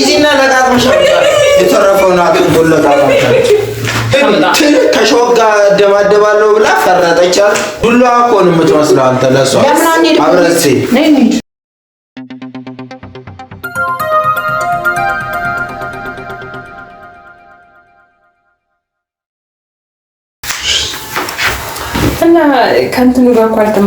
ጊዜና ነቃቅምሻ የተረፈውን አቅንጎለቃ ከሾክ ከሾጋ ደባደባለሁ ብላ ፈረጠቻት። ዱላ እኮ ነው የምትመስለው አንተ ለሷ አብረሴ እና ከእንትኑ ጋር እኮ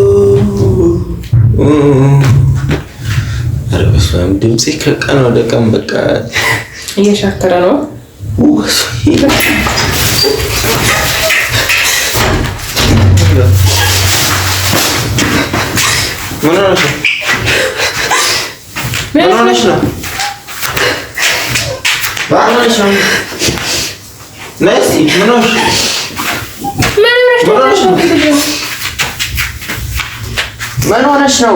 ድምፄ ከቀን ወደ ቀን በቃ እየሻከረ ነው። ምን ሆነሽ ነው?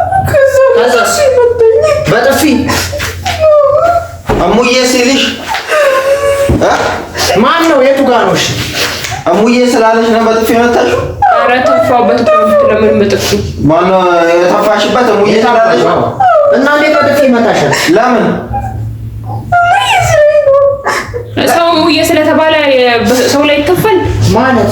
በጥፊ እሙዬ ሲልሽ ማን ነው? የቱ ጋ ነው? እሙዬ ስላለሽ ነው በጥፊ መታሽ? ኧረ ተፋበት። ለምን በጥፊ ማነው የተፋሽበት? እሙዬ ስላለሽ ነው። እና እንዴት በጥፊ መታሻል? ለምን ሰው እሙዬ ስለተባለ ሰው ላይ ይከፈል ማለት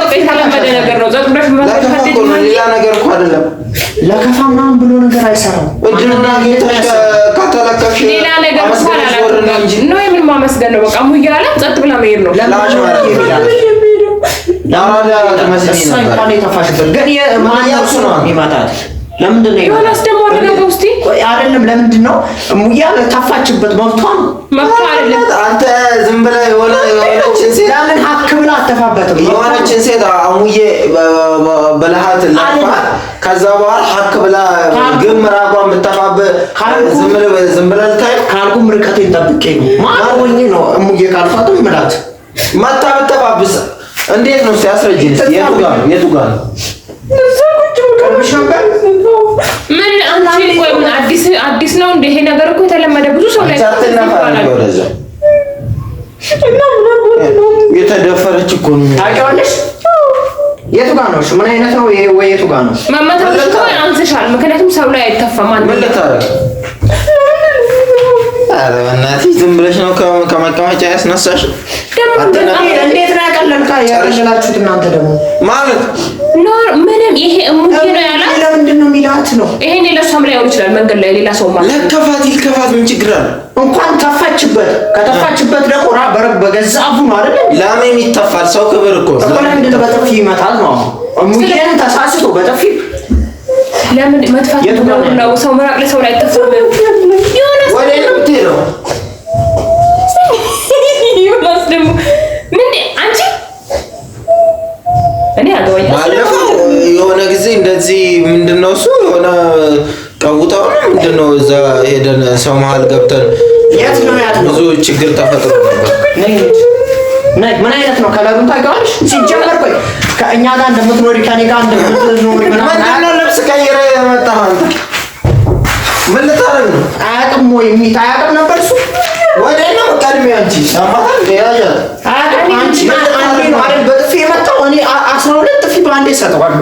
የተለመደ ነው። ሌላ ነገር እኮ አይደለም። ለከፋ ምናምን ብሎ ነገር አይሰራም። እድልና ጌታ ከተለከፍ ሌላ ነገር እንኳን አላደረገም ነው የምን ማመስገን ነው። በቃ ሙያ አለ ጸጥ ብላ መሄድ ነው። ለምንድን ነው የሆነ አስደማሪ ነገር አይደለም። ለምንድን ነው ሙያ ታፋችበት? መብቷ ነው። አንተ ዝም ብለህ የሆነችን ሴት ለምን ሀክ ብለህ አተፋበትም? የሆነችን ሴት አሙዬ ብልሃት ላፋት፣ ከዛ በኋላ ሀክ ብላ ግን ምራቋን ብተፋብህ ዝም ብለህ ልታይ ካልኩም ርቀቴን ጠብቄ ማሆኝ ነው ሙዬ ካልፋት ምላት መታ ብተፋብስ እንዴት ነው? እስኪ አስረጅ። የቱ ጋር ነው? የቱ ጋር ነው? ምን አንቺ ቆይ አዲስ አዲስ ነው እንደ ይሄ ነገር እኮ የተለመደ ብዙ ሰው ላይ የተደፈረች እኮ ነው። ታውቂዋለሽ? የቱ ጋር ነው? ምን አይነት ነው ይሄ? ወይ የቱ ጋር ነው መመታት እኮ አንስሻል። ምክንያቱም ሰው ላይ አይተፋም። ምን ልታረግ? ኧረ በእናትሽ ዝም ብለሽ ነው ከመቀመጫ ያስነሳሽ። እንዴት ነው ያቀለልካ? ያረሽላችሁት እናንተ ደግሞ ማለት ኖር ምንም ይሄ እሙዬ ነው ያላት። ለምንድን ነው የሚላት ነው? ይሄኔ ለእሷም ላይሆን ይችላል መንገድ ላይ ሌላ ሰው ማለት ለከፋት ይልከፋት፣ ምን ችግር አለ? እንኳን ተፋችበት። ከተፋችበት ደግሞ ራ በረግ በገዛ አፉ ነው አይደል? ላሜም ይተፋል። ሰው ክብር እኮ ለምንድን በጥፊ ይመታል ነው? እሙዬን ተሳስቶ በጥፊ ለምን መጥፋት ነው? ሰው መራቅ ለሰው ላይ ተፈበ እዛ ሄደን ሰው መሀል ገብተን ብዙ ችግር ተፈጥሮ ነበር። ምን አይነት ነው ከለሩን ታውቂዋለሽ? ሲጀመር ቆይ ከእኛ ጋር እንደምትኖሪ ከኔ ጋር እንደምትኖሪ ምናምን ልብስ ቀይረ የመጣ ምን ልታረግ ነው? አያውቅም ወይ የሚት አያውቅም ነበር እሱ ወደ ነው ቀድሜ አንቺ በጥፊ የመጣው እኔ አስራ ሁለት ጥፊ በአንዴ ሰጠዋለሁ።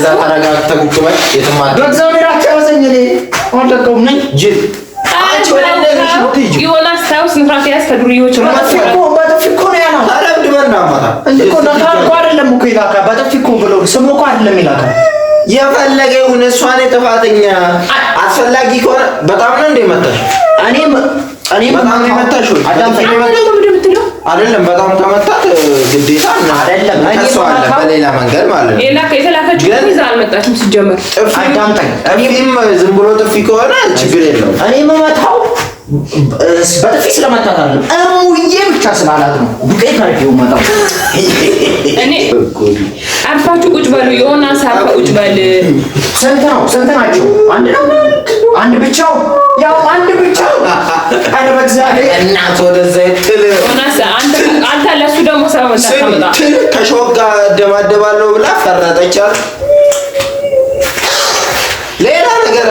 እንደዛ ተረጋግተህ ቁጭ በል። የትም አለ በእግዚአብሔር አጨረሰኝ። እኔ አልለቀውም ነኝ ጅል የሆነ አስታውስ ንፍራት ያዝ ከዱርዬዎች በጥፊ እኮ ነው ያለው። አይደለም እኮ ይላካ በጥፊ ብሎ ስሙ አይደለም ይላካ የፈለገ ይሁን። እሷ እኔ ጥፋተኛ አስፈላጊ ከሆነ በጣም ነው እንደ መታሽ እኔም በጣም ነው የመታሽ አዳም አይደለም በጣም ከመጣት ግዴታ አይደለም ተሷለ በሌላ መንገድ ማለት ነው። ይላከ የተላከችው ይዛ አልመጣችም። ሲጀመር አዳምጠኝ። እኔም ዝም ብሎ ጥፊ ከሆነ ችግር የለው። እኔ መመታው በጥፊ ስለመታት አይደለም እሙዬ ብቻ ስላላት ነው። ዱቄት አድርጌው መጣው እኔ አርፋችሁ ቁጭ በሉ። የሆነ ሳፋ ቁጭ በል። ስንት ነው? ስንት ናቸው? አንድ ነው። አንድ ብቻው ያው አንድ ብቻ አረ በእግዚአብሔር እናት ወደዛ አንተ ለሱ ደግሞ ብላ ፈረጠቻል። ሌላ ነገር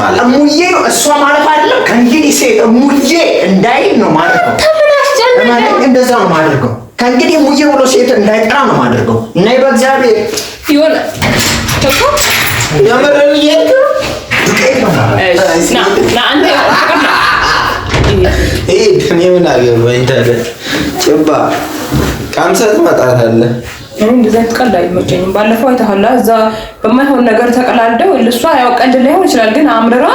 ማለት እሙዬ ነው እሷ ማለት አይደለም። ከእንግዲህ ሴት እሙዬ እንዳይል ነው ማለት ነው። እንደዛ ነው ከእንግዲህ እሙዬ ብሎ ሴት እንዳይጠራ ነው እና በእግዚአብሔር ጭባ ቀምሰህ በማይሆን ነገር ተቀላልደው ልሷ ያው ቀልድ ላይሆን ይችላል፣ ግን አምርራ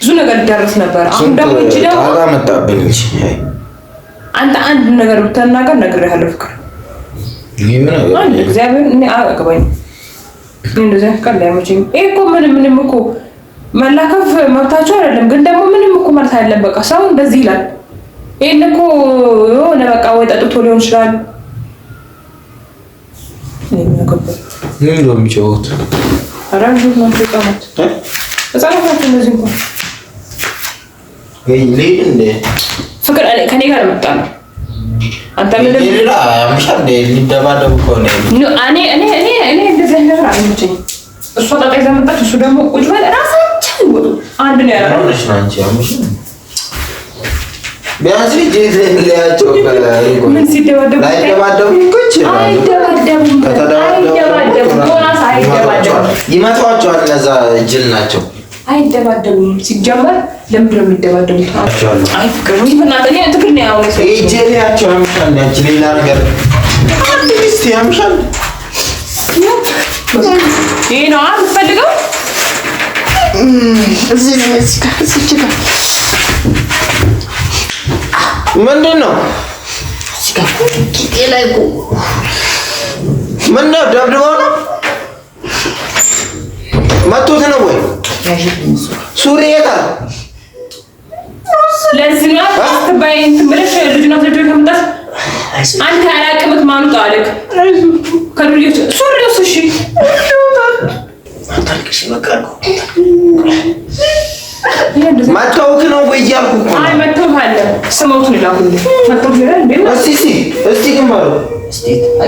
ብዙ ነገር ሊደርስ ነበር። አሁን ደግሞ እጅ ደግሞ መጣብኝ እንጂ አንተ አንድ ነገር ብትናገር ነግሬሃለሁ። ፍቅር እግዚአብሔር እኔ አያገባኝም። እንደዚህ አይነት ቀልድ ይሄ እኮ ምንም ምንም እኮ መላከፍ መብታቸው አይደለም፣ ግን ደግሞ ምንም እኮ መርት አይደለም። በቃ ሰው እንደዚህ ይላል። ይህን እኮ የሆነ በቃ ወይ ጠጥቶ ሊሆን ይችላል። ምን ነው የሚጫወት ፍቅር ከኔ ጋር መጣ ነው አንተ ምን ከሆነ እኔ እኔ እኔ እኔ እንደዚህ ነገር እሷ ጣጣ ይዛ መጣች። እሱ ደግሞ ቁጭ በል እራስህ አንድ ነው አይደባደቡ ይመቷቸዋል። እነዛ ጅል ናቸው። አይደባደቡም። ሲጀመር ለምንድን ነው የሚደባደቡት? ሌላ ነገር ይሄ ነው የምትፈልገው እዚህ ነው። እዚህ ጋር እዚህ ጋር ምንድን ነው? እዚህ ጋር ቂጤ ላይ እኮ ምነው ደብድበው ነው መቶት ነው ወይ? ሱሪ የት አለ? ለዚህ ነው አስተባይ እንትን ብለሽ ልጅ ናት ልጅ ከምጣስ አንተ አላቅምክ ማኑ ጣለክ ከዱልዮች ሱሪ ነው እሺ አታልቅሽ። በቃ መታወክ ነው ወይ እያልኩ እኮ ነው። መታወክ አለ። ስሞቱን እስቲ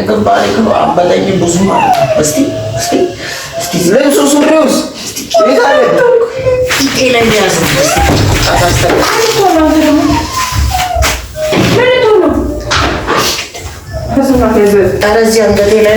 ግን ማለት ብዙ ልብሱ ሱሪውስ ኧረ እዚህ አንገቴ ላይ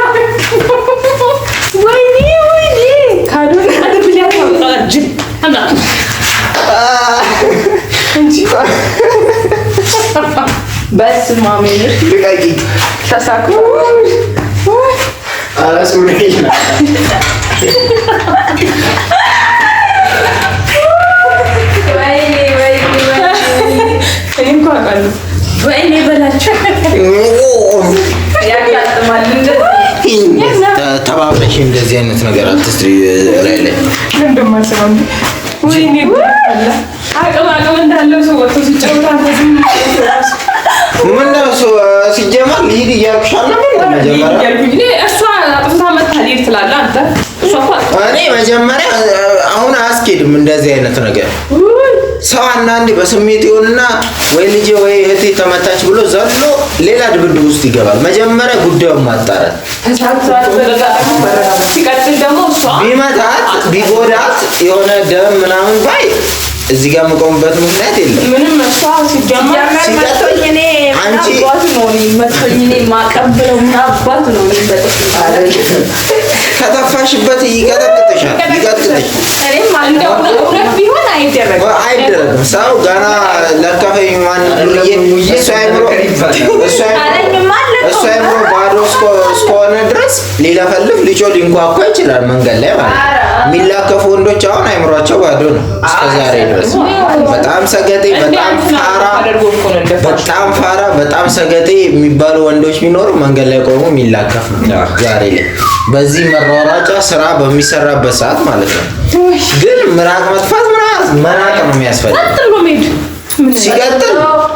በስመ አብ ተሳኩ። እንደዚህ አይነት ነገር አትስሪ። ላይ ላይ አቅም አቅም እንዳለው ሰው ወጥቶ ሲጫወት ምን እኔ መጀመሪያ አሁን አያስኬድም እንደዚህ አይነት ነገር። ሰው አንዳንዴ በስሜት ይሆንና ወይ ልጄ ወይ እህቴ ተመታች ብሎ ዘሎ ሌላ ድብድብ ውስጥ ይገባል። መጀመሪያ ጉዳዩን ማጣራት፣ ቢመታት ቢጎዳት የሆነ ደም ምናምን ባይ እዚህ ጋር የምቆምበት ምክንያት የለም ምንም እሷ ሲጀመር ሲቀጥል አንቺ አባት ነው የሚመስለኝ። እኔ ማቀበለው ምን አባት ነው የሚመስለኝ። ከተፋሽበት ይቀጥቅጥሻል፣ ይቀጥቅጥሽ። አይደረግም ሰው ገና ለከፈኝ ማን ብዬ እሱ አይምሮ ባዶ ድረስ ሊለፈልፍ ልጆ ሊንኳኳ ይችላል መንገድ ላይ ማለት ነው። የሚላከፉ ወንዶች አሁን አይምሯቸው ባዶ ነው። እስከዛሬ ድረስ በጣም ሰገጤ፣ በጣም ፋራ፣ በጣም ፋራ፣ በጣም ሰገጤ የሚባሉ ወንዶች ቢኖሩ መንገድ ላይ ቆሞ የሚላከፍ ነው ዛሬ ላይ በዚህ መሯሯጫ ስራ በሚሰራበት ሰዓት ማለት ነው። ግን ምራቅ መጥፋት ምራቅ መናቅ ነው የሚያስፈልግ ሲቀጥል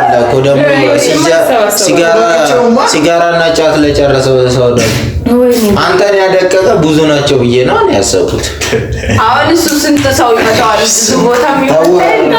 አለ ደግሞ ሲጋራ እና ጫት ለጨረሰው ሰው አንተን ያደቀቀ ብዙ ናቸው ብዬ ነው ያሰብኩት። አሁን እሱ ስንት ሰው ይመጣዋል ቦታ